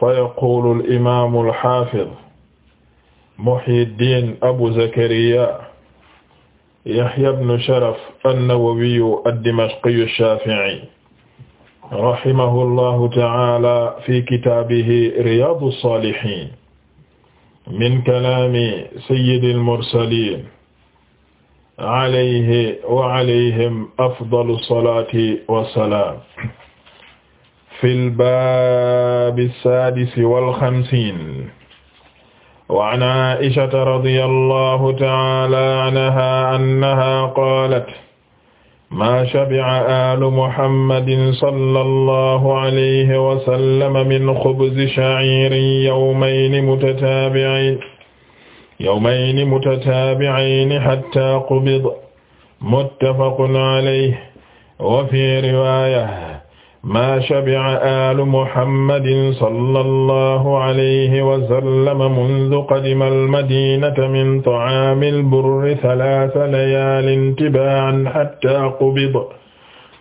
fa yaqulu al-imaamu al-haafiz Muhyiddin Abu Zakariya Yahya ibn Sharaf an-Nawawiyyu ad-Dimashqiyyu ash-Shaafi'i rahimahullahu ta'aala fi kitaabihi Riyaadu as-Saalihiin min kalaami sayyidil mursaliin alayhi wa alayhim afdalu as-salaati wa salaam fil baabi saadisi wal xamsiin wa an Aa'ishata radiyallahu ta'aalaa anhaa annahaa qaalat maa shabi'a aalu muhammadin sallallahu alayhi wa sallam min xubzi sha'iirin yawmayni mutataabi'ayni yawmayni mutataabi'ayni hattaa qubida muttafaqun alayhi wa fii riwaaya maa shabi'a aalu muhammadin sallallahu alayhi wa sallam mundu qadima al-madiinata min ta'aami al-burri salaasa layaalin tibaa'an hattaa qubida.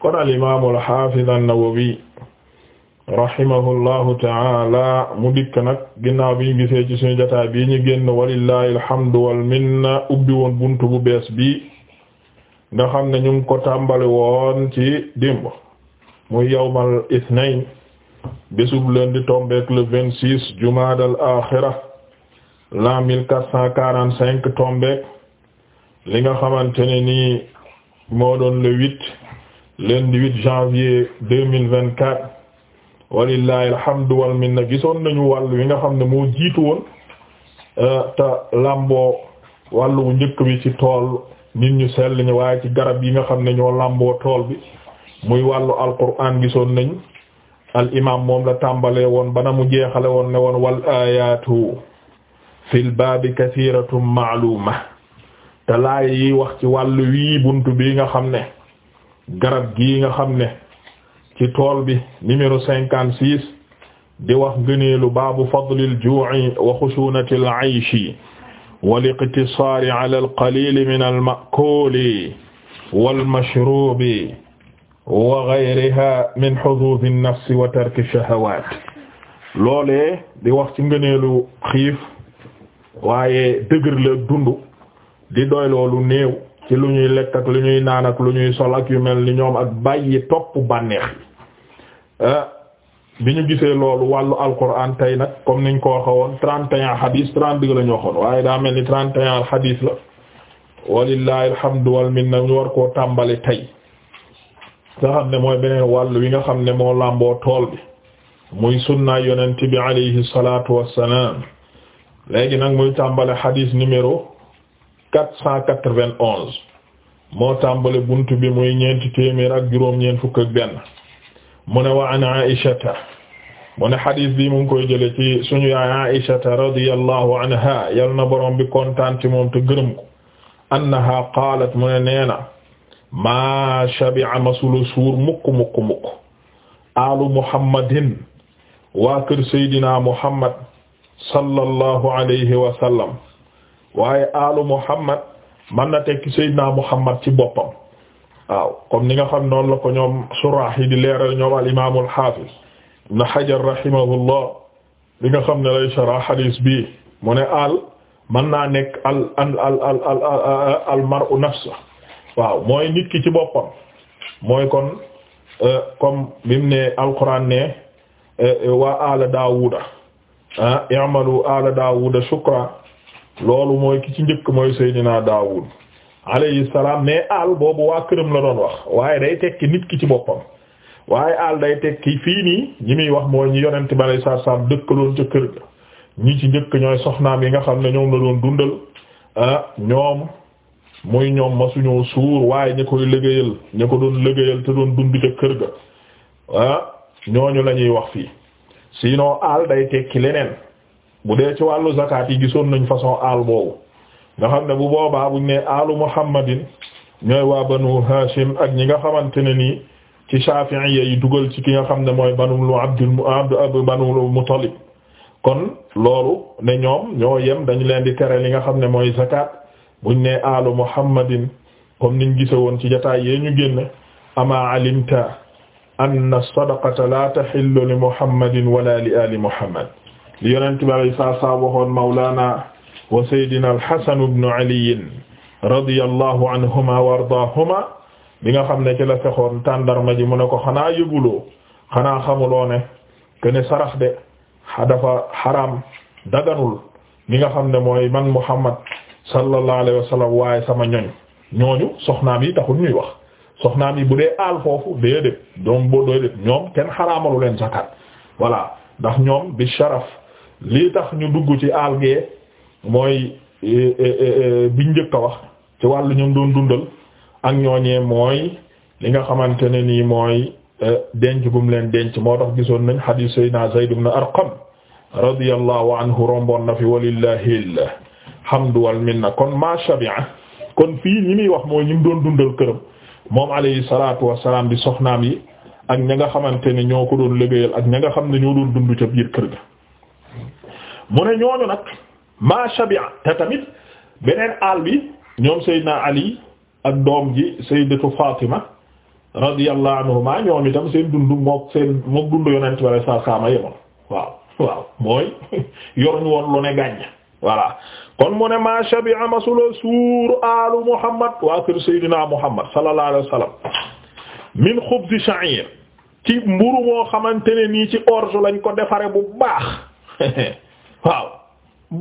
kon al-imaamu al-haafiz an-nawawi rahimahullahu ta'aala mu dikk nag ginnaaw bi ñu gisee ci suñu jotaay bi ñu génn walillaahi alhamdu wal minna ubbi woon buntu bu bees bi nga xam ne ñu ngi ko tàmbali woon ci démb. muy yawmal ithnain bésub lundi tombeek le vingt six jumaadal axira l'an mille quatre cent quarante cinq tombeek li nga xamante ne nii moo doon le huit lundi huit janvier deux mille vingt quatre walillahi alhamdu wal minna gisoon nañu wàll wi nga xam ne moo jiitu woon euh, te làmboo wàllu njëkk bi ci tool nit ñu sell ñi waaye ci garab yi nga xam ne ñoo làmboo tool bi muy wàllu alquraan gisoon nañ al imaam moom la tàmbalee woon bana mu jeexale woon ne woon wal ayatu fil baabi kasiratun maaluma te laaya wax ci wàllu wii buntu bi nga xam ne garab gii nga xam ne ci tool bi numéro cinquante six di wax ngëneelu baabu fadlil ju'i wa xushunatil ayshi wal iqtisaari al qalili min al ma'kuli wal mashrubi wa ghayriha min hudud an-nafs wa tark ash loolee di wax ci ngëneelu xiif waaye dëgër la dund di doy loolu néew ci lu ñuy lekk ak lu ñuy naan ak lu ñuy sol ak yu mel ni ñoom ak bàyyi topp bànneex ah, bi ñu gisee loolu wàllu alquran tey nag comme niñ ko waxoon trente et un hadith trente deux la ñu waxoon waaye daa mel ni trente et un hadith la walillahi alhamdu wal minna ñu war koo tàmbali tey nga xam ne mooy beneen wàll wi nga xam ne moo làmboo tool bi muy sunna yonent bi alayhi wassalaam léegi nag muy tàmbali xadiis numéro quatre cent quatre vingt moo tàmbale bunt bi muy ñeenti téeméer ak juróom-ñeent fukk ak benn mu ne wa an aishata mu ne xadiis bi mu koy jële ci suñu yaay aishata radiyallahu yal na borom bi kontaan ci moom te gërëm ko annaha qaalat mu ne neena maa shabi'a masula suur mukk mukk mukk alu muhammadin waa kër seydina muhammad sallallahu alayhi wa sallam waaye alu muhammad man na tekki seydina muhammad ci boppam waaw comme ni nga xam noonu la ko ñoom surah yi di leeral ñoom al imaam al hafiz ibn hajar rahimahullah li nga xam ne lay sharah hadis bi mu ne al man naa nekk al al al al al al mar'u nafsa waaw mooy nit ki ci boppam mooy kon euh, comme mu ne alquran ne euh, waa ala daawuda ah i'malu ala daawuda shukra loolu mooy ki ci njëkk mooy naa seydina daawud alayhi salaam mais al boobu waa këram la doon wax waaye day tekki nit ki ci boppam waaye al day tekki fii nii ñi muy wax mooy ñi yonent bi alayhi salaatu salaam dëkkaloon ca kër ñi ci njëkk ñooy soxnaam yi nga xam ne ñoom la doon dundal ah, ñoom muy ñoom masuñoo suur waaye ñi koy liggéeyal ñi ko doon liggéeyal te doon dund ca kër ga ah ñooñu la ñuy wax fii sinon aal day tekki leneen bu dee ci wàllu zakat yi gisoon nañ façon aal boobu nga xam ne bu boobaa buñ ne aalu muhammadin ñooy waa banu hashim ak ñi nga xamante ne nii ci shafi'iyya yi dugal ci ki nga xam ne mooy banu abdul abdu banu mutalib kon loolu ne ñoom ñoo yem dañu leen di tere li nga xam ne mooy zakat buñ ne alu muhammadin comme niñ gise woon ci jotaay yee ñu génn ama alimta anna sadaqata la tahillu li muhammadin wala li ali muhammad li yonent bi alay saa saa waxoon mawlaana wa saydina alhasan ibnu aliyin radiyallahu anhuma wa ardaahuma bi nga xam ne ci la fexoon tàndarma ji mu ne ko xanaa yëguloo xanaa xamuloo ne ke sarax de dafa xaraam daganul li nga xam ne mooy man muhammad sallallahu alayhi wa sallam waaye sama ñoñ ñooñu soxnaam yi taxul ñuy wax soxnaam yi bu dee aal foofu dee def doom boo dee def ñoom kenn xaraamalu leen zakat voilà ndax ñoom bi sharaf lii tax ñu dugg ci aal gee mooy e, e, e, biñ njëkk a wax ci wàllu ñoom doon dundal ak ñooñee mooy li nga xamante ne nii mooy denc gum leen denc moo tax gisoon nañ hadith sayyidina Zayd ibn Arqam radiyallahu anhu romboon na fi walillahil hamdu wal kon ma shabi'a kon fii ñi muy wax mooy ñi mu doon dundal këram moom alayhi salaatu wassalaam di soxnaam yi ak ña nga xamante ne ñoo ko doon liggéeyal ak ña nga xam ne ñoo doon dund ca biir kër ga mu ne ñooñu nag ma shabi'a te tamit beneen aal bi ñoom Seydina Ali ak doom ji Sayyidatu Fatima radiyallahu anhuma ñoom itam seen dund mook seen mook dund yonent wala kon mu ne ma shabi'a masula suur alu muhammad waa kër seydina muhammad sallallahu alayhi wa min xubzi sha'ir ci mburu moo xamante ne nii ci orge lañ ko defare bu baax waaw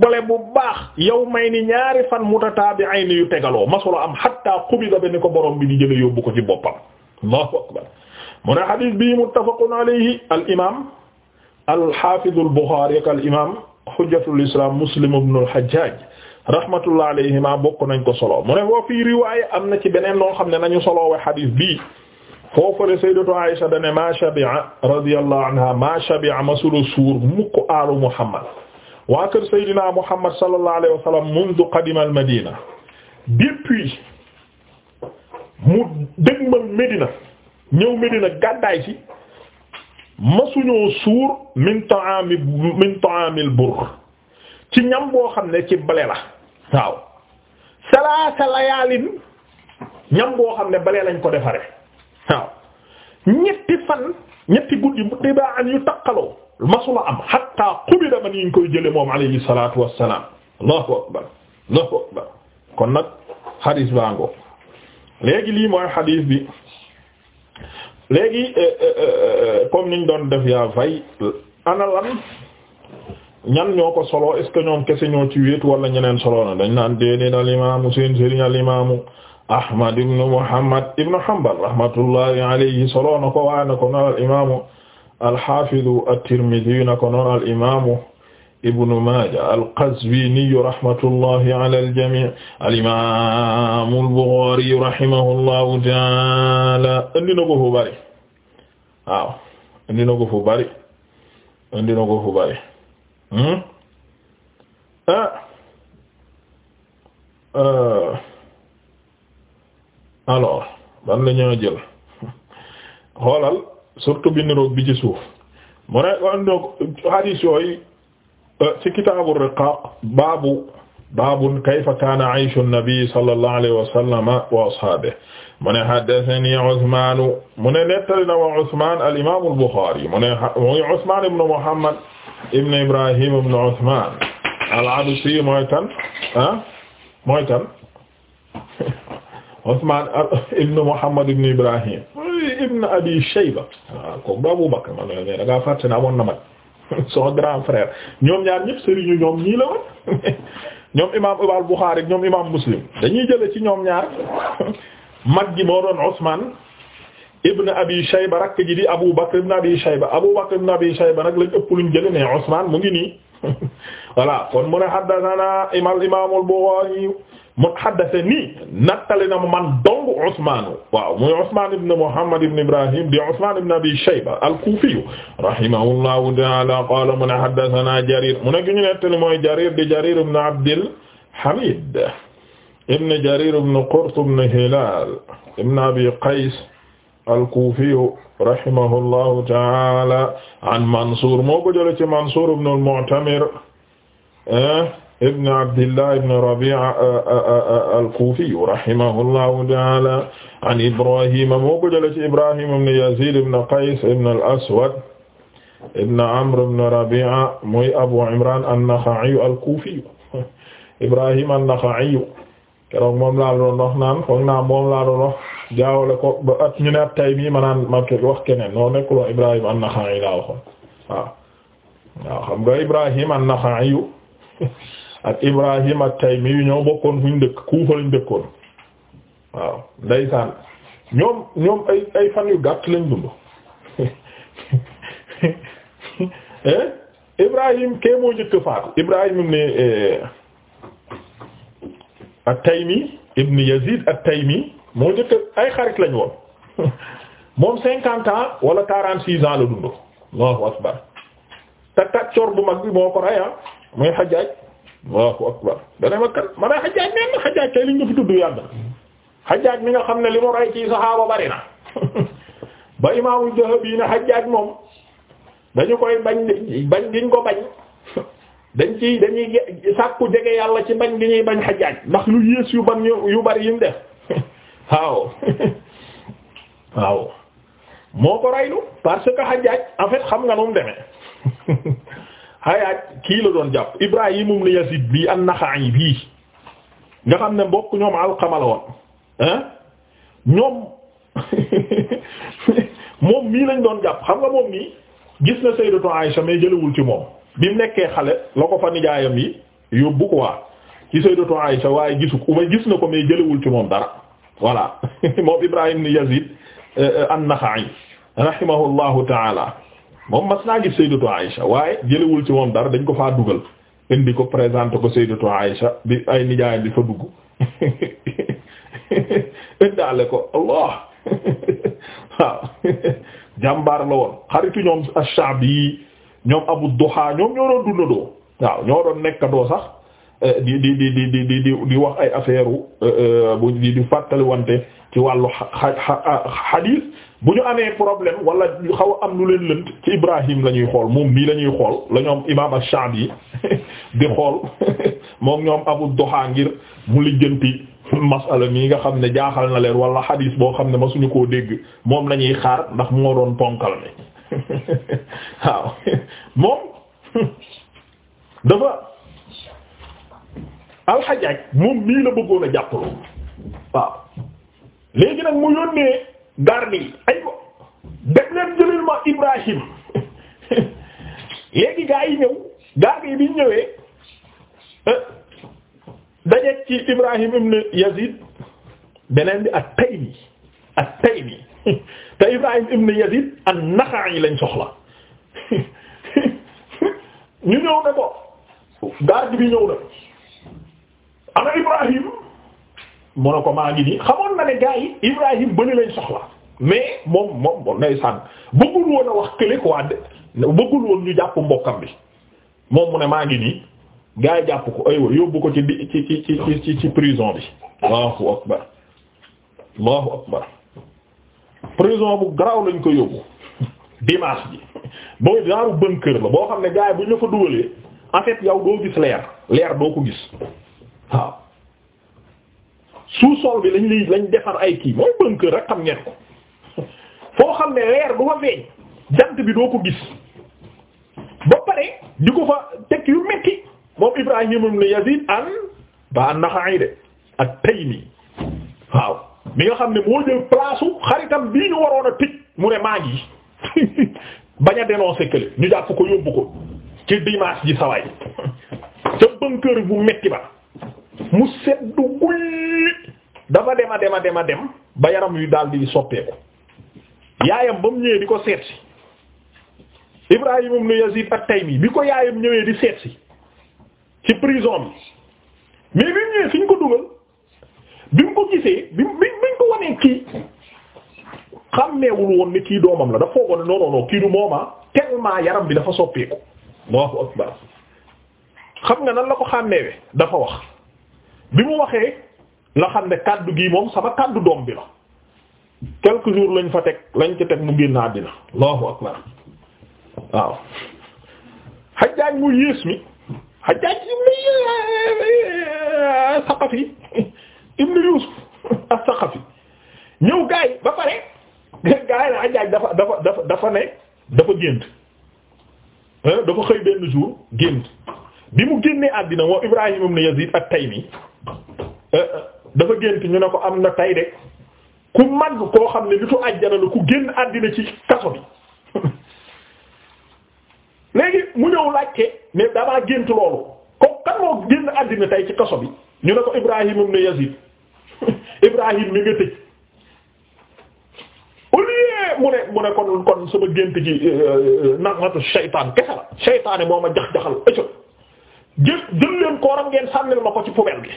bole bu baax yow may ni ñaari fan mutataabi'ayn yu tegaloo masula am hatta qubida ba ko borom bi di jële yóbbu ko ci boppam allahu akbar mu ne hadith bi muttafaqun alayhi al imam al hafiz al bukhari hujjatul islam muslim ibn al hajjaj rahmatullah alayhima bokk nañ ko solo mu ne woo fii riwaaya am na ci beneen loo xam ne nañu soloowe xadis bii foofale sayyidatu Aisha dane ma shabi'a radiyallahu anha ma shabi'a masula suur mukk aalu Muhammad waa kër sayyidina Muhammad sallallahu alayhi wa sallam mundu qadima al Madina depuis mu dëgmal Medina ñëw Medina gàddaay ci masuñoo suur min ta'ami min ta'amil burr ci ñam boo xam ne ci blé la waaw salaasa layaalin ñam boo xam ne blé lañ ko defare waaw ñetti fan ñetti guddi mu tibaa an yu taqaloo masula am hatta qubida man yi ñu koy jële moom alayhi salaatu wassalaam allahu akbar allahu akbar kon nag xadiis baa ngoo léegi lii mooy xadiis bi léegi euh, euh, euh, comme niñ doon def yaa fay ana ñan ñoo ko solo est ce kese ñoo ci wéet wala ñeneen solo na dañ naan déedéet al imaamu seen sëriñ al imaamu Ahmad ibn Muhammad ibn Hanbal rahmatullahi alayhi solo na ko waaye na ko noonu al imaamu al-Hafiz at-Tirmidhi na ko noonu al imaamu. ibnu Maaja al-Qazwiini rahmatullahi ala al-jamii' al-imaam al-Bukhaari rahimahullahu ta'aala indi na ko fu bari waaw indi na ko fu bari indi na ko fu bari hmm? ah. Ah. alors ban la ñoo jël xoolal surtout bi niroog bi ci suuf mu ne indi na ko hadiis yooyu Euh, ci kitaabu riqaaq baabu baabun kayfa kaana ayshu nabi sallallahu alayhi wa sallam wa ashaabihi mu ne haddasanii Usmaanu mu ne nettali na wa Usmaan al imaam al Buxaari mu ne muy Usmaan ibn Muhammad ibn Ibraahiim ibn Usmaan al Absi mooy kan ah mooy kan Usmaan ibn Muhammad ibn Ibraahiim ibn Abi Shayba ah, ko Abu Bakr ma ne da nga fàtte ne amoon na mag son grand frère ñoom ñaar ñëpp sëriñu ñoom ñii la woon ñoom imaam al Bukhari ñoom imaam Muslim dañuy jële ci ñoom ñaar mag ji moo doon Usman ibn Abi Shayba rakk ji di Abu Bakr ibn Abi Shayba Abu Bakr ibn Abi Shayba nag lañ ëpp luñ jële ne Usman mu ngi nii voilà kon mu ne haddathana imaam al Bukhari mu haddathani nattali na mu man dong Ousmane waaw muy Ousmane ibn Muhammad ibn Ibrahim di Ousmane ibn Abi Shayba al-Kufi rahimahullahu ta'ala qala mu ne haddathana Jarir mu ne ki ñu nettali mooy Jarir di Jarir ibn Abdil Hamid ibn Jarir ibn Qurt ibn Hilal ibn Abi Qays al-Kufi rahimahullahu ta'ala an Mansur moo ko jëlee ci Mansur ibn al-Mu'tamir eh, ibn abdillah ibn rabi'a uh, uh, uh, al-kufi rahimahullahu ta'ala an ibrahima moo ko jëlee ci ibrahima ibn yazid ibn qays ibn al-aswad ibn amr ibn rabi'a muy abu imran an-nakha'i al-kufi ibrahima an-nakha'i keroog moom laa doon wax naan foog naa moom laa doon wax jaawale ko ba at ñu ne at tay mii ma naan ma wax keneen noo nekkuloo Ibrahim an-Naxa'i laa waxoon waaw waaw xam nga Ibrahim an-Naxa'i ak Ibrahim at-Taymi yu ñoo bokkoon fu ñu dëkk Kuufa lañ dëkkoon waaw ndeysaan ñoom ñoom ay ay fan yu gàtt lañ dund eh? Ibrahim kee moo njëkk faatu Ibrahim ibn eh, at-Taymi ibn Yazid at-Taymi moo njëkk ay xarit lañ woon moom cinquante ans wala quarante six ans la dund Allahu akbar te tàccoor bu mag bi moo ko rey ah, muy Hajjaj Allahu akbar dana ma kan man a xajaaj neen na xajaaj kay liñ nga fi tudd yàgg xajaaj mi nga xam ne li mu rey ci saxaaba bari na ba imaamu Dahabi ne xajaaj moom dañu koy bañ bañ giñ ko bañ dañ ci dañuy sàkku jege yàlla ci bañ gi ñuy bañ xajaaj ndax lu yées yu ban yu bari yim def waaw waaw moo ko reylu parce que xajaaj en xam nga nu mu Hayaaj kii la doon jàpp Ibrahim ibn Yazid bii an-Naxa'i bii nga xam ne mbokk ñoom Alqama la ñoom moom mii lañ doon jàpp xam nga moom mii gis na Sayyidatu Aïsha mais jëlawul ci moom bi mu nekkee xale la ko fa nijaayam yi yóbbu ko waa ci Sayyidatu Aïsha waaye gisu ko mais gis na ko mais jëlawul ci moom dara voilà moom Ibrahim ibn Yazid euh, euh, an-Naxa'i rahimahullahu ta'ala moom mat naa gis sayyidatu Aïcha waaye jëlewul ci moom dara dañ ko faa dugal indi ko présenté ko sayyidatu Aïcha bi ay nijaayam bi fa dugg indaale ko Allah waaw jàmbaar la woon xaritu ñoom ash-Sha'bi ñoom Abu Duha ñoom ñoo doon dundadoo waaw ñoo doon nekkandoo sax Eh, di di di di di di wax ay affaire eh, eh, bu di di wante ci wàllu xa xadiis bu ñu amee problème wala xaw a am lu leen lënt ci Ibrahim la ñuy xool moom mii lañuy xool la ñoom imaam Ash-Sha'bi di xool moom ñoom Abu Duha ngir mu lijjanti masala mii nga xam ne jaaxal na leen wala xadiis boo xam ne ma suñu koo dégg moom la ñuy xaar ndax moo doon ponkal ne waaw moom dafa. alxajaaj moom mii la bëggoon a jàppaloo waaw léegi nag mu yónnee garde ay ko dem leen jëlil ma Ibrahim léegi gaa yi ñëw garde bi ñu ñëwee eh, dajeeg ci Ibrahim ibn Yazid beneen bi ak Taymi ak Taymi te Ibrahim ibn Yazid an-Naxa'i lañ soxla ñu ñëw ne ko garde bi ñëw na. ana Ibrahim mu ne ko maa ngi nii xamoon na ne gars yi Ibrahim bëri lañ soxla mais moom moom moom nay sànn bëggul woon a wax kële quoi bëggul woon ñu jàpp mbokkam bi moom mu ne maa ngi nii gaa yi jàpp ko aywa yóbbu ko ci di ci ci ci ci ci prison bi. Allahu akbar Allahu akbar prison bu garaaw lañ ko yóbbu dimanche bi booy genre bunkër la boo xam ne gars yi bu ñu la fa dugalee en fait yow doo gis leer leer doo ko gis. waaw sous-sol bi lañ lañ defar ay kii mooy bunker rek xam ngeen ko foo xam ne leer du fa feeñ jant bi doo ko gis ba pare di ko fa teg yu metti moom Ibrahim ibn Yazid an ba an de ak Taymi waaw mi nga xam ne moo jël place xaritam bii ñu waroon a tëj mu ne maa ngi bañ a dénoncer kële ñu jàpp ko yóbbu ko ci dimanche ji sawaay ca bunker bu metti ba mu seddu guy dafa dema dema dema dem ba yaram yu daal di soppeeku yaayam ba mu ñëwee di ko seetsi Ibrahim ibn Yazid at-Taymi bi ko yaayam ñëwee di seetsi ci prison bi mais bi mu ñëwee fi ñu ko dugal bi mu ko gisee bi mu bi mu ko wanee kii xàmmeewul woon ni kii doomam la dafa foogoon ne non non kii du mooma tellement yaram bi dafa soppeeku Allahu xam nga nan la ko xàmmeewe dafa wax bi mu waxee la xam ne kàddu gi moom sama kàddu doom bi la quelques jours lañ fa teg lañ ci teg mu génn àddina allahu akbar waaw xajaaj mu yées mi xajaaj ibnu saqafi ibnu yuusuf as-saqafi ñëw gaay ba pare gaay na xajaaj dafa dafa dafa dafa ne dafa gént dafa xëy benn jour gént bi mu génnee àddina moo moom Ibrahim ibn Yazid at-Taymi euh, euh, dafa gént ñu ne ko am na tay de ku mag koo xam ne nitu àjjana la ku génn àddina ci kaso bi léegi mu ñëw laajte ne damaa gént loolu ko kan moo génn àddina tay ci kaso bi ñu ne ko Ibrahim ibn Yazid Ibrahim mi nga tëj au mu ne mu ne kon kon sama gént ci euh, naqatu shaytaan kese la shaytaane moo ma jax-jaxal ëcc jël jël leen kooram ngeen sànnil ma ko ci poubelle bi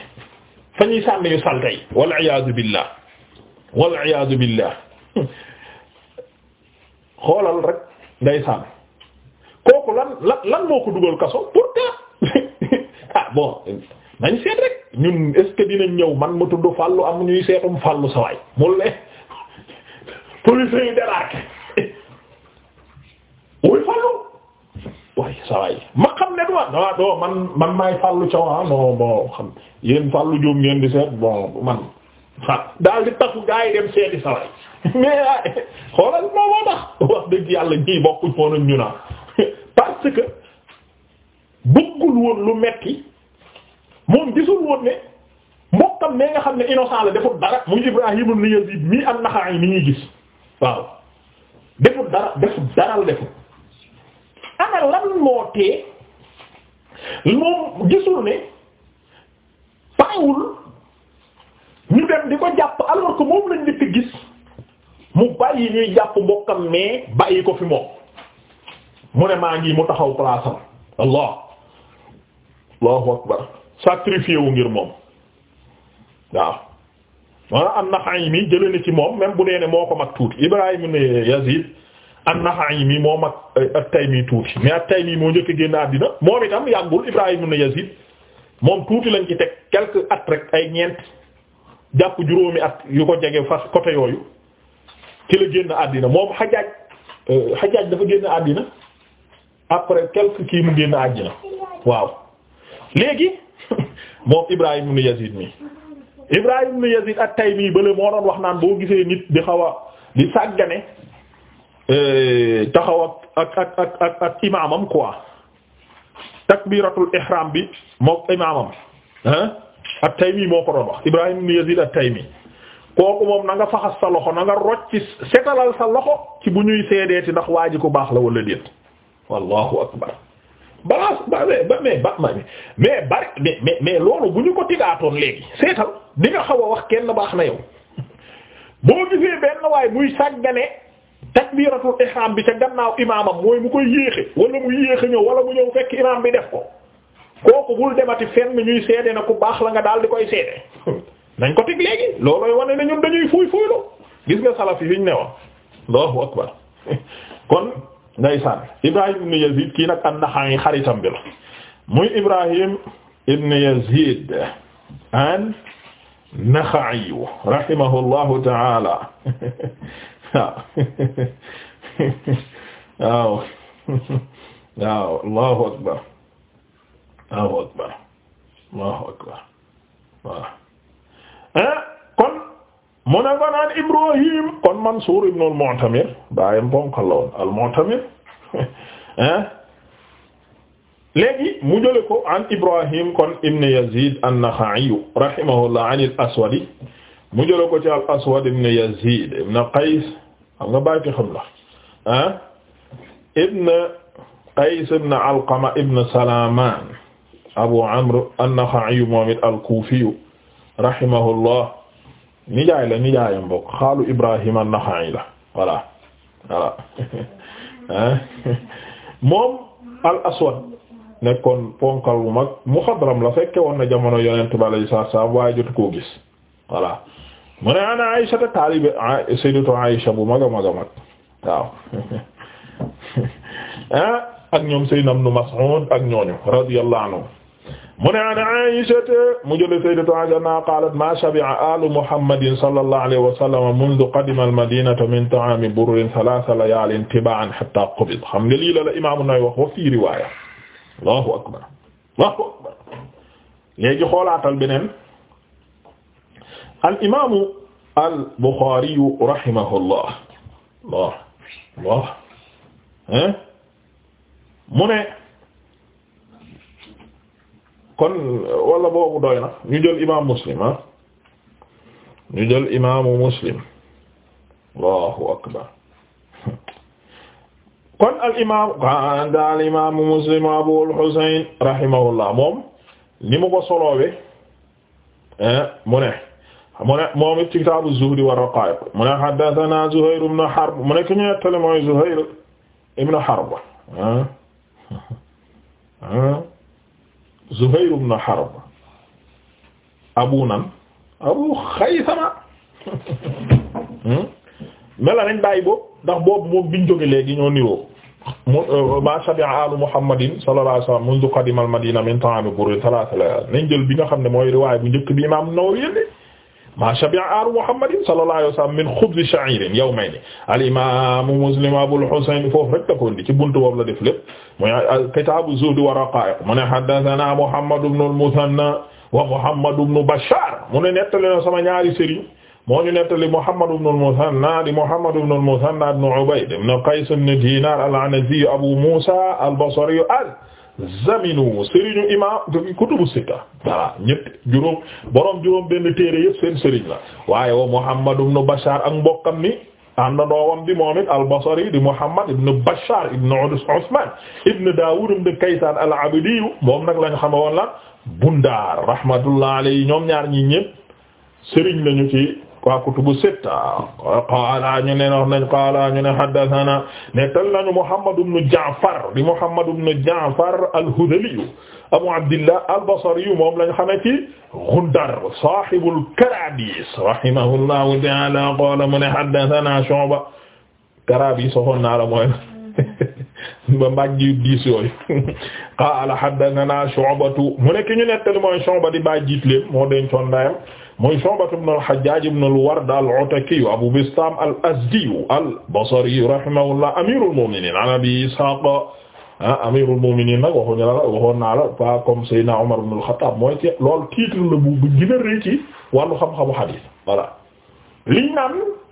fa ñuy sànni yu salte yi wal iyaadu billah wal iyaadu billah xoolal rek ngay sànn kooku lan lan lan ko dugal kaso pourtant ah bon nañ seet rek ñun est dinañ ñëw man ma tudd fàllu am ñuy seetum fàllu sa waay mu le police yi débarqué wuy fàllu waaye sawaay ma xam ne duma non doo man man maay fàllu cawa ah, non bon xam yéen fàllu joom ngeen di seet bon man daal di taxu gaa yi dem seeti sawaay mais waaye ah, xoolal moo moo tax wax dëgg yàlla ñii bokkuñ foonañ ñu naa woon lu metti moom gisul woon ne mbokkam ne nga xam ne innocent la deful dara muy Ibrahim ibn Yazid mii am naxaay mi ñuy gis waaw deful dara deful dara la ana lan moo tee moom gisul ne parewul ñu dem di ko jàpp alors que moom lañ njëkk gis mu bàyyi ñuy jàpp mbokkam mais bàyyi ko fi moom mu ne maa ngi mu taxaw place allah allahu akbar sacrifié wu ngir moom waaw maanaam am na mi jële ci moom même bu nee moo ko mag tuuti Ibrahim ne an mii moo mag eh, at-Taymi tuuti mais at-Taymi moo njëkk a génn àddina moom itam yàggul Ibrahim ibn Yazid moom tuuti lañ ci teg quelques at rek ay ñeent jàpp juróomi at yu ko jege fas côté yooyu ci la génn àddina moom Hajjaj eh, Hajjaj dafa génn àddina après quelques kii mu génn àddina waaw léegi moom Ibrahim ibn Yazid mi Ibrahim ibn Yazid at-Taymi bële moo doon wax naan boo gisee nit di xaw a di sàggane Euh, taxaw ak ak ak ak ak imaamam quoi takbiratul ihram bi mook imaamam ah at-Taymi moo ko doon wax Ibrahim ibn Yazid at-Taymi kooku moom nanga nga faxas sa loxo na nga setalal sa loxo ci bu ñuy seedeeti ndax waa ji ku baax la wala déet wallahu akbar balaa ba ba ba ma mais bari loolu bu ñu ko tigaatoon léegi seetal di nga xaw a wax kenn baax na yow boo gisee benn waay muy sàggane takbiratul ihram bi ca gannaaw imaamam mooy mu koy yéexe wala mu yéexe ñëw wala mu ñëw fekk imaam bi def ko kooku bul demati fenn ñuy seede na ku baax la nga daal di koy seede nañ ko teg léegi loolooy wane ne ñun dañuy fuuy fuuylu gis nga salaf yi ne woon Allahu akbar kon ndeysaan Ibrahim ibn Yazid kii nag an-Naxa'i xaritam bi la muy Ibrahim ibn Yazid an ta'ala waaw waaw oh. oh, allahu akbar allahu akbar allahu akbar waaw eh, kon mu ne ko naan Ibrahim kon Mansuur ibn al-Mu'tamir baayam bonkal la woon al-Mu'tamir eh? léegi mu jële ko an Ibrahim kon ibn Yazid an-Nakha'i rahimahullah an al-Aswadi mu jëla ko ci al aswad ibn yazid ibn qays xam nga bàyyi xam la ah ibn qays ibn alqama ibn salaman abu amr an-naxa'i moom it al-kuufi rahimahullah nijaay la nijaayam mbokk xaalu ibrahim an-naxa'i la voilà voilà ah, moom al aswad nekkoon ponkal bu mag muxadram la fekke woon na jamono yonent bi yu salaam waaye jotu koo gis voilà mu ne ana Aïcha ta taalibe ah, sayyidatu Aïcha bu mag a mag a mag waaw ah ak ñoom sayyidna Ibn Mas'ud ak ñooñu radiyallahu anhu mu ne ana Aïcha mu jële sayyidatu Aïcha na qalat ma shabi'a alu Muhammadin sallallahu alayhi wa sallam mundu qadima al-madinata min ta'ami burrin thalatha layalin tiba'an hatta qubid xam nga lii la la Imam An-Nawawi wax wa fi riwaya Allahu akbar Allahu akbar léegi xoolaatal beneen al imaamu al Buxaari rahimahullah Allah Allah hein mu ne kon wala boobu doy na ñu jël imaamu Muslim ah ñu jël imaamu Muslim Allahu akbar kon al imaam qaala al imaamu Muslim Abul Husayn rahimahullah moom ni mu ko soloowe mu ne mu ne moom it ci kitaabu zuhdi wa raqaa'iq mu ne haddasanaa Zuhayr ibn Harb mu ne ki ñu nettali mooy Zuhayr ibn Harb ah ah Zuhayr ibn Harb abu nan abu Xaysama hmm, mel na dañ bàyyi boobu ndax boobu moom biñ jóge léegi ñoo niroo mu euh, ma shabi'a alu Muhammadin sallallahu alayhi wa sallam mundu qadima al-Madina min ta'ami burrin thalaatha layaal nañ jël bi nga xam ne mooy riwaay bu njëkk bi Imaam Nawawi ma shabi'a aalu Muhammadin sallallahu alayhi wa sallam min xubzi sha'iirin yawmayni al-imaamu Muslim Abul Husayn foofu rek la ko indi ci buntu boobu la def lépp muy kitaabu zuhd wa raqaa'iq mu ne haddathanaa Muhammad ibn al-Muthanna wa Muhammad ibn Bashaar mu ne nettali na sama ñaari sëriñ moo ñu nettali Muhammad ibn al-Muthanna di Muhammad ibn al-Muthanna ibn Ubayd ibn Qays ibn Dinar al-Anazi Abu Musa al-Basri zaminu sëriñu imam kutubu sitta voilà ñett juróom borom juróom benn téere yëpp seen sëriñ la waaye wa Muhammad ibn Bashar ak mbokkam ni àndandoowam bi moom it al-Basri di Muhammad ibn Bashar ibn Usman ibn Dawud ibn Kaysan al-Abdi moom nag lañ xame woon la Bundar rahmatullah alayhi ñoom ñaar ñi ñëpp sëriñ lañu ci wa kutubu sitta qaala ñu ne wax nañ qaala ñu ne haddathana nettal nañu Muhammad ibn Ja'far di Muhammad ibn Ja'far al-Hudhali Abu Abdillah al-Basri moom lañ xamee ci Ghundar sahibul Karabis rahimahullahu ta'ala qaala mu ne haddathana Shu'ba Karabis waxoon naa la mooy ba mbaaj ji diis yooyu qaala haddathana Shu'ba mu nekk ñu nettali mooy Shu'ba di bàyyi jiit leen moo dencoon ndayam mooy Shu'batu ibn al-Hajjaj ibn al-Ward al-Ataki Abu Bistam al-Azdi al-Basri rahimahullah amirul mu'minin an Abi Ishaq ah nag waxuñu la waxoon naa la pas comme Seydina Omar al-Khattab mooy ci titre la bu bu gën a rëy ci wàllu xam-xamu xadiis voilà liñ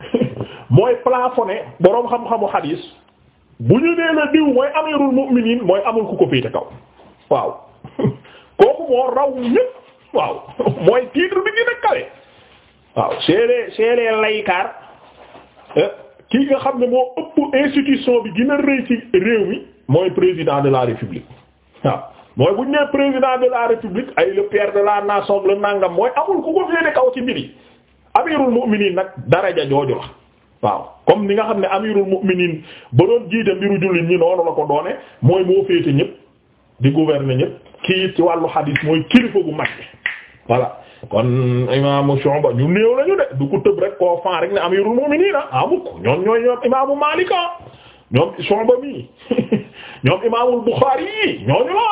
mooy plafonné boroom xam-xamu xadiis bu ñu nee la diw mooy amirul mu'minin mooy amul ku ko féete kaw waaw seede seede laykaar eh, ki nga xam ne moo ëpp institution bi gën rëy ci réew mi mooy président de la république waaw mooy bu nee président de la république ay le père de la nation le nangam mooy amul ku ko féete kaw ci mbiri amirul mu'minin nag daraja jooju la waaw comme ni nga xam ne amirul mu'minin ba doon jiite mbiru jullit ñi noonu la ko doone mooy moo féete ñëpp di gouverner ñëpp kii ci wàllu hadith mooy kilifa gu mag voilà kon imaamu Shu'ba ñu néew lañu de du ko tëb rek koo fan rek ne amirul mu'miniina amuk ah ñoom ñooy ñoom imaamu Maalika ah, ñoom Shu'ba mi ñoom imaamul Buxaari yi ñooñu la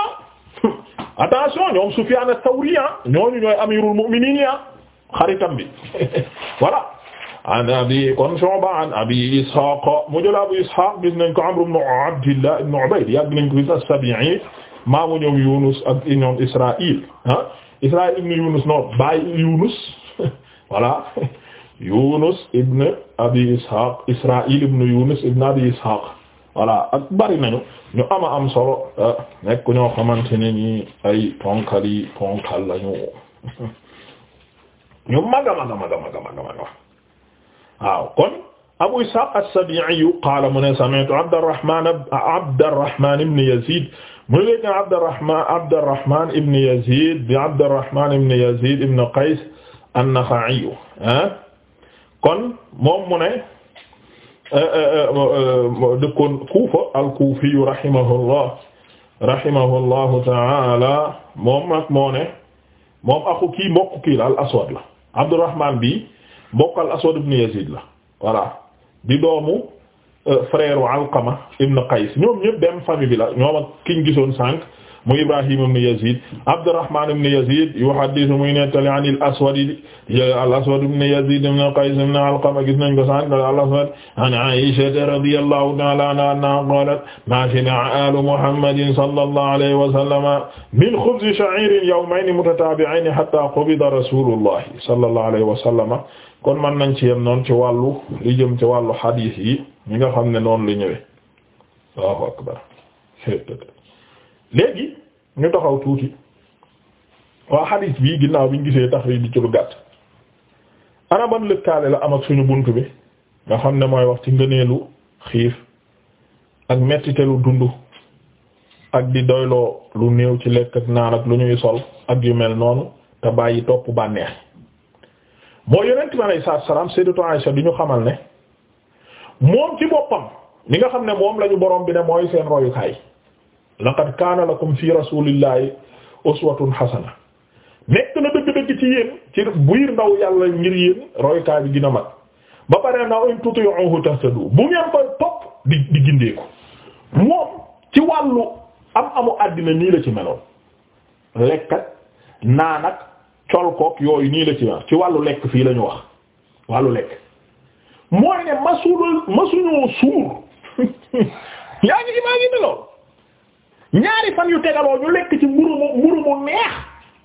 attention ñoom Sufyaan as-Sawri ah, ñooñu ñooy amirul mu'miniina xaritam bi voilà an abi kon Shu'ba an abi Ishaaq mu jël abu Ishaaq gis nañ ko Amr ibn Abdillah ibn Ubayd yàgg nañ ko gis as-Sabi'i maamu ñoom Yunus ak ñoom Israël ah Israël ibn Yunus non bàyyi Yunus voilà Yunus ibn Abi Ishaq Israël ibn Yunus ibn Abi Ishaq voilà ak bari nañu ñu ama am solo ah, nekk ñoo xamante ne ni ay tonkal yi tonkal lañu ñu mag a mag a mag a mag a mag a mag waaw kon Abu Ishaq as-Sabi'i qaala mu ne sami'tu Abdurrahman Abdurrahman ibn Yazid muy léegi nag Abdurrahman Abdurrahman ibn Yazid bi Abdurrahman ibn Yazid ibn Qays an-Nakha'i kon moom mu ne eh, eh, eh, dëkkoon Kufa al-Kufi rahimahullah rahimahullahu ta'ala moom nag moo ne moom axu kii mbokk kii la al-Aswad la Abdurrahman bi mbokk al-Aswad ibn Yazid la voilà di doomu Euh, frère u Alqama ibn Qays ñoom ñëpp dem famille bi la ñoom ak kiñ gisoon sànq mu Ibrahim ibn Yazid Abdurrahman ibn Yazid yuhaddithu muy nettali an al-Aswad al-Aswad ibn Yazid ibn Qays ibn Alqama gis nañ ko sànq al-Aswad an Aisha radiyallahu ta'ala anha qalat ma shib'a alu Muhammadin sallallahu alayhi wa sallama min khubzi sha'irin yawmayni mutatabi'ayni hatta qubida rasulullah sallallahu alayhi wa sallama kon mën nañ ci yem noonu ci wàllu li jëm ci wàllu hadith yi ñi nga xam ne noonu lu ñëwee Allahu léegi ñu taxaw tuuti waa xadiis bi ginnaaw biñ gisee tax yi di ci lu gàtt ana lëkkaale la am ak suñu bunt bi nga xam ne mooy wax ci ngëneelu xiif ak mettitelu dund ak di doyloo lu néew ci lekk ak naan ak lu ñuy sol ak yu mel noonu te bàyyi topp bànneex moo yonent bi alayhi salaam sayyidatu Aisha di ñu xamal ne moom ci boppam li nga xam ne moom lañu borom bi ne mooy seen royukaay laqad kaana lakum fi rasulillahi uswatun hasana nekk na dëgg-dëgg ci yéen ci buir ndaw yàlla ngir yéen royukaay bi dina a mag ba pare na in tuti'uhu tahtadu bu ngeen koy topp di di gindeeku moom ci wàllu am amu àddina nii la ci meloon lekk ak naan ak colkook yooyu nii la ci meloon ci wàllu lekk fii lañu wax wàllu lekk mooy ne masul masuñoo suur yaa ngi imaginer lool ñaari fan yu tegaloo ñu lekk ci mburu mu mburu mu neex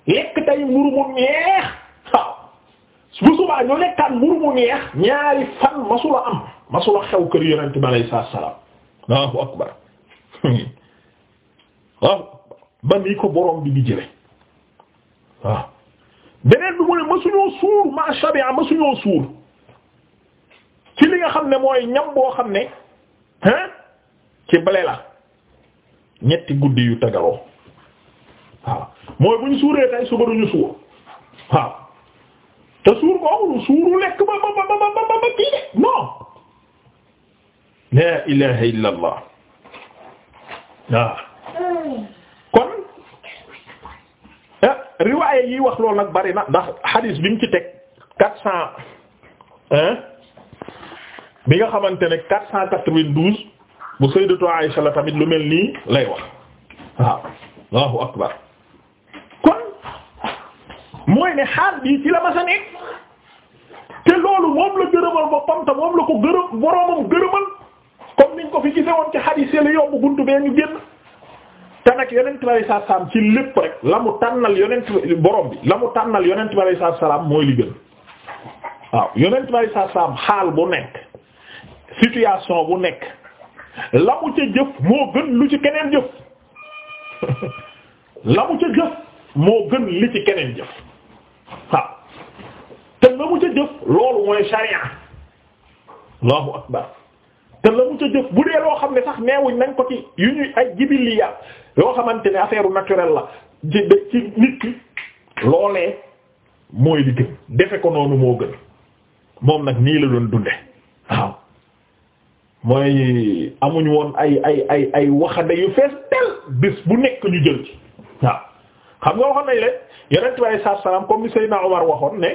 lekk tey mburu mu neex waaw bu subaa ñu lekkaat mburu mu xew kër yonent bi alayhi salaam Allahu akbar ba nii ko borom bi di jële beneen bi mu ne masuñoo suur ma shabi'a masuñoo suur ci li nga xam ne mooy ñam boo xam ne hein ci blé la ñetti guddi yu tegaloo waaw mooy bu ñu suuree tey suba duñu suur waaw te suur ko suuru lekk ba ba ba ba ba kii de non la ilaha illa allah kon eh, riwaaye yi wax loolu nag bari na ndax xadiis bi mu ci teg quatre cent hein bi nga xamante ne 492 bu sayyidatu Aisha la tamit lu mel nii lay wax waaw Allahu akbar kon mooy ne xaal bii ci la masa nekk te loolu moom la gërëmal boppam te moom la ko gërëm boroomam gërëmal comme niñ ko fi gise woon ci hadith la yomb buntu bee ñu génn te nag yonent bi saa salaam ci lépp rek la mu tànnal yonent borom bi la mu tànnal yonent bi saa salaam mooy li gën waaw yonent bi saa salaam xaal bu nekk situation bu nekk la mu ca jëf moo gën lu ci keneen jëf lamu mu ca jëf moo gën li ci keneen jëf waaw te la mu ca jëf loolu mooy sharia allahu akbar te la ca jëf bu dee loo xam ne sax neewuñ nañ ko ci yu ñuy ay jibiliya yoo xamante ne affaire naturel la ci ci nit ki loolee mooy li defe ko noonu moo gën moom nag nii la doon dunde mooy amuñu woon ay ay ay ay waxande yu fees tel bés bu nekk ñu jël ci waaw xam nga waxoon nañ leen yonent bi alayhi salaatu salaam comme ni Seydina Omar waxoon ne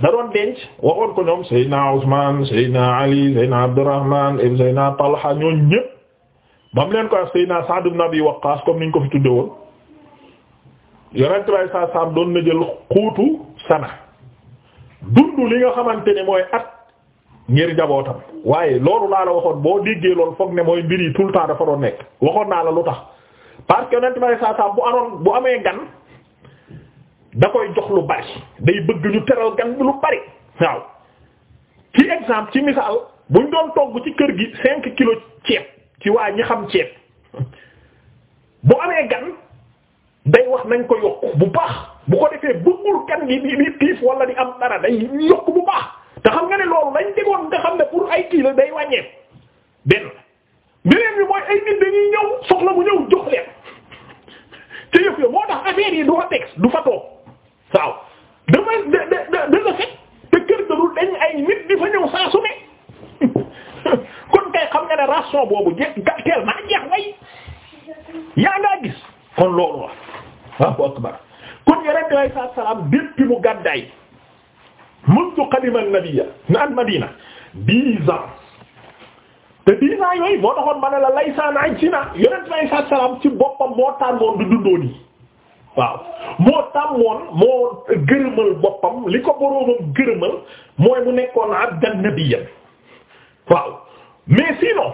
da denc waxoon ko ñoom Seydina Ousmane Seydina Ali Seydina Abdourahman ibn Talha ñooñu ñëpp ba leen ko wax Seydina Sa'd ibn Abi Waqqas comme niñ ko fi tudde woon yonent bi alayhi doon na jël xuutu sana dund li nga xamante ne mooy at ngir njabootam waaye loolu laa la waxoon boo déggee lool foog ne mooy mbir yi tout le temps dafa doon nekk waxoon naa la lu tax parce que yonent ma ne saa saa bu amee gan da koy jox lu bari day bëgg ñu teral gan lu bari waaw ci exemple ci misaal buñ doon togg ci kër gi cinq kilos ceeb ci waa ñi xam ceeb bu amee gan day wax nañ ko yokk bu baax bu ko defee bëggul gan gi di xiif wala di am dara day yokk bu baax te xam nga ne loolu lañ tegoon nga xam ne pour ay kii la day wàññeeku benn beneen bi mooy ay nit dañuy ñëw soxla bu ñëw jox leen te yëf yo moo tax affaire yi du fa teg du fa toog waaw damay da da da da la fekk te nga boobu jeex teel gis kon loolu la kon yeneen di way saa salaam bépp mu gàddaay mundu qadima an-nabiyya na an madina dix ans te dix ans yooyu moo taxoon ma ne la laysa naaj si na yonent bi saa salaam ci boppam moo tàmmoon du dundoo nii waaw moo tàmmoon moo gërëmal boppam li ko boroomam gërëmal mooy mu nekkoon abdan nabiyyan waaw mais sinon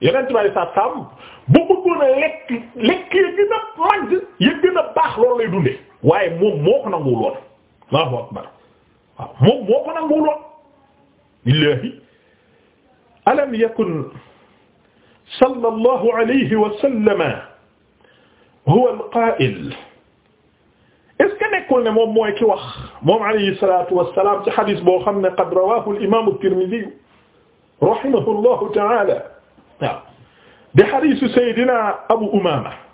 yonent bi saa salaam bu bëggoon a lekk lekk ya gën a màgg ya gën a baax loolu lay dundee waaye moom moo ko nanguwul woon Allahu akbar waaw ah, moom moo ko nanguwul woon illaahi alam yakun sallallahu alayhi wa sallama huwa al-qaa'il est-ce que nekkul ne moom mooy ki wax moom alayhi salaatu wa salaam ci xadis boo xam ne qad rawaahu al-imaam at-Tirmidhi rahimahu llahu ta'aala waaw di xadisu sayyidina Abu Umaama